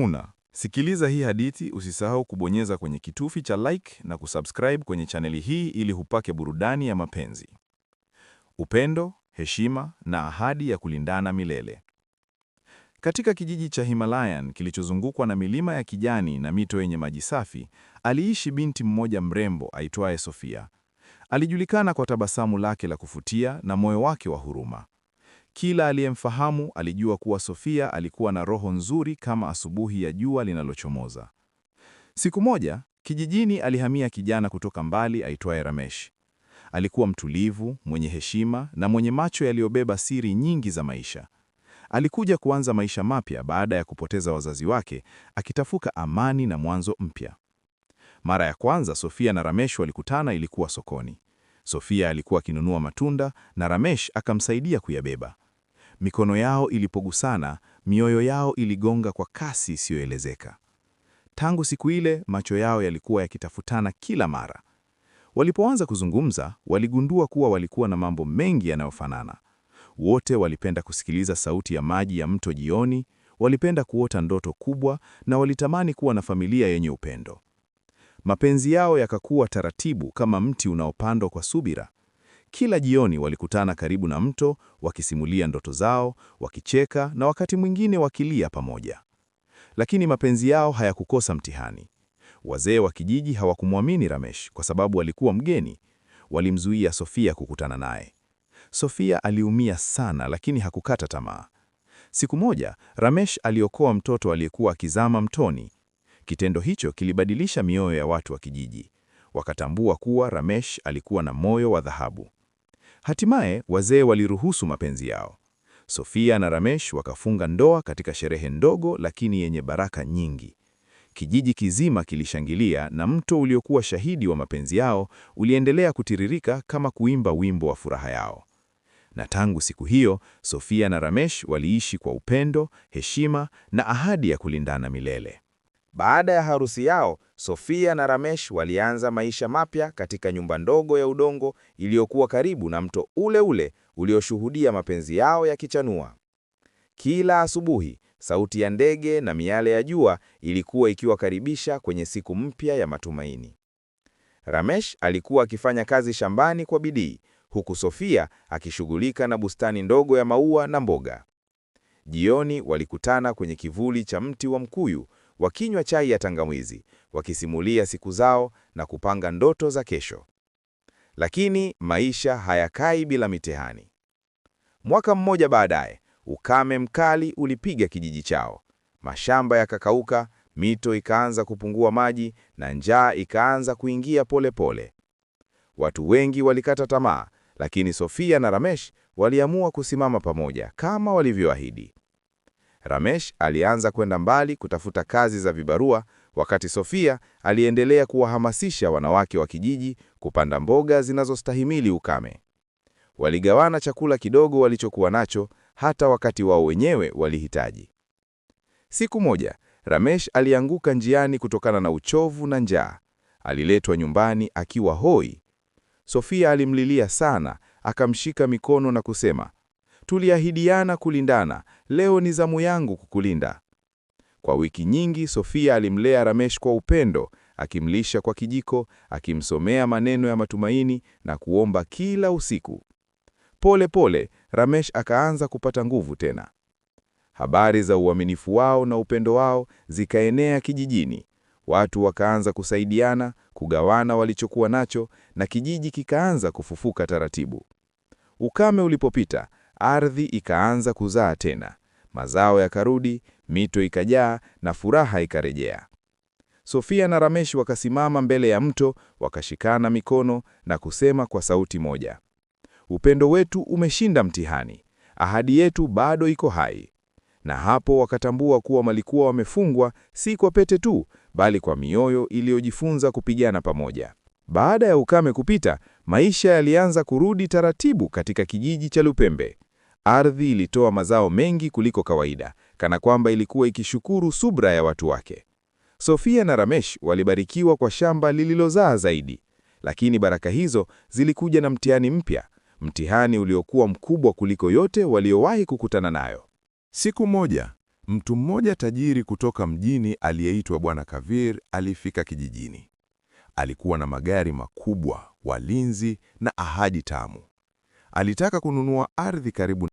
huna. Sikiliza hii hadithi, usisahau kubonyeza kwenye kitufi cha like na kusubscribe kwenye chaneli hii ili hupake burudani ya mapenzi, upendo, heshima na ahadi ya kulindana milele. Katika kijiji cha Himalayan kilichozungukwa na milima ya kijani na mito yenye maji safi, aliishi binti mmoja mrembo aitwaye Sofia. Alijulikana kwa tabasamu lake la kuvutia na moyo wake wa huruma. Kila aliyemfahamu alijua kuwa Sofia alikuwa na roho nzuri kama asubuhi ya jua linalochomoza. Siku moja kijijini alihamia kijana kutoka mbali aitwaye Ramesh. Alikuwa mtulivu, mwenye heshima na mwenye macho yaliyobeba siri nyingi za maisha. Alikuja kuanza maisha mapya baada ya kupoteza wazazi wake, akitafuka amani na mwanzo mpya. Mara ya kwanza Sofia na Ramesh walikutana ilikuwa sokoni. Sofia alikuwa akinunua matunda na Ramesh akamsaidia kuyabeba. Mikono yao ilipogusana, mioyo yao iligonga kwa kasi isiyoelezeka. Tangu siku ile, macho yao yalikuwa yakitafutana kila mara. Walipoanza kuzungumza, waligundua kuwa walikuwa na mambo mengi yanayofanana. Wote walipenda kusikiliza sauti ya maji ya mto jioni, walipenda kuota ndoto kubwa na walitamani kuwa na familia yenye upendo. Mapenzi yao yakakuwa taratibu kama mti unaopandwa kwa subira. Kila jioni walikutana karibu na mto, wakisimulia ndoto zao, wakicheka na wakati mwingine wakilia pamoja. Lakini mapenzi yao hayakukosa mtihani. Wazee wa kijiji hawakumwamini Ramesh kwa sababu alikuwa mgeni. Walimzuia Sofia kukutana naye. Sofia aliumia sana, lakini hakukata tamaa. Siku moja, Ramesh aliokoa mtoto aliyekuwa akizama mtoni. Kitendo hicho kilibadilisha mioyo ya watu wa kijiji. Wakatambua kuwa Ramesh alikuwa na moyo wa dhahabu. Hatimaye wazee waliruhusu mapenzi yao. Sofia na Ramesh wakafunga ndoa katika sherehe ndogo lakini yenye baraka nyingi. Kijiji kizima kilishangilia na mto uliokuwa shahidi wa mapenzi yao uliendelea kutiririka kama kuimba wimbo wa furaha yao. Na tangu siku hiyo, Sofia na Ramesh waliishi kwa upendo, heshima na ahadi ya kulindana milele. Baada ya harusi yao, Sofia na Ramesh walianza maisha mapya katika nyumba ndogo ya udongo iliyokuwa karibu na mto ule ule ulioshuhudia mapenzi yao yakichanua. Kila asubuhi, sauti ya ndege na miale ya jua ilikuwa ikiwakaribisha kwenye siku mpya ya matumaini. Ramesh alikuwa akifanya kazi shambani kwa bidii, huku Sofia akishughulika na bustani ndogo ya maua na mboga. Jioni walikutana kwenye kivuli cha mti wa mkuyu wakinywa chai ya tangawizi, wakisimulia siku zao na kupanga ndoto za kesho. Lakini maisha hayakai bila mitihani. Mwaka mmoja baadaye, ukame mkali ulipiga kijiji chao. Mashamba yakakauka, mito ikaanza kupungua maji na njaa ikaanza kuingia polepole pole. Watu wengi walikata tamaa, lakini Sofia na Ramesh waliamua kusimama pamoja kama walivyoahidi. Ramesh alianza kwenda mbali kutafuta kazi za vibarua, wakati Sofia aliendelea kuwahamasisha wanawake wa kijiji kupanda mboga zinazostahimili ukame. Waligawana chakula kidogo walichokuwa nacho, hata wakati wao wenyewe walihitaji. Siku moja, Ramesh alianguka njiani kutokana na uchovu na njaa. Aliletwa nyumbani akiwa hoi. Sofia alimlilia sana, akamshika mikono na kusema, Tuliahidiana kulindana, leo ni zamu yangu kukulinda. Kwa wiki nyingi Sofia alimlea Ramesh kwa upendo, akimlisha kwa kijiko, akimsomea maneno ya matumaini na kuomba kila usiku. Pole pole Ramesh akaanza kupata nguvu tena. Habari za uaminifu wao na upendo wao zikaenea kijijini. Watu wakaanza kusaidiana, kugawana walichokuwa nacho na kijiji kikaanza kufufuka taratibu. Ukame ulipopita, Ardhi ikaanza kuzaa tena, mazao yakarudi, mito ikajaa na furaha ikarejea. Sofia na Ramesh wakasimama mbele ya mto, wakashikana mikono na kusema kwa sauti moja, upendo wetu umeshinda mtihani, ahadi yetu bado iko hai. Na hapo wakatambua kuwa walikuwa wamefungwa si kwa pete tu, bali kwa mioyo iliyojifunza kupigana pamoja. Baada ya ukame kupita, maisha yalianza kurudi taratibu katika kijiji cha Lupembe. Ardhi ilitoa mazao mengi kuliko kawaida, kana kwamba ilikuwa ikishukuru subra ya watu wake. Sofia na Ramesh walibarikiwa kwa shamba lililozaa zaidi, lakini baraka hizo zilikuja na mtihani mpya, mtihani uliokuwa mkubwa kuliko yote waliowahi kukutana nayo. Siku moja, mtu mmoja tajiri kutoka mjini aliyeitwa Bwana Kavir alifika kijijini. Alikuwa na magari makubwa, walinzi na ahadi tamu. Alitaka kununua ardhi karibu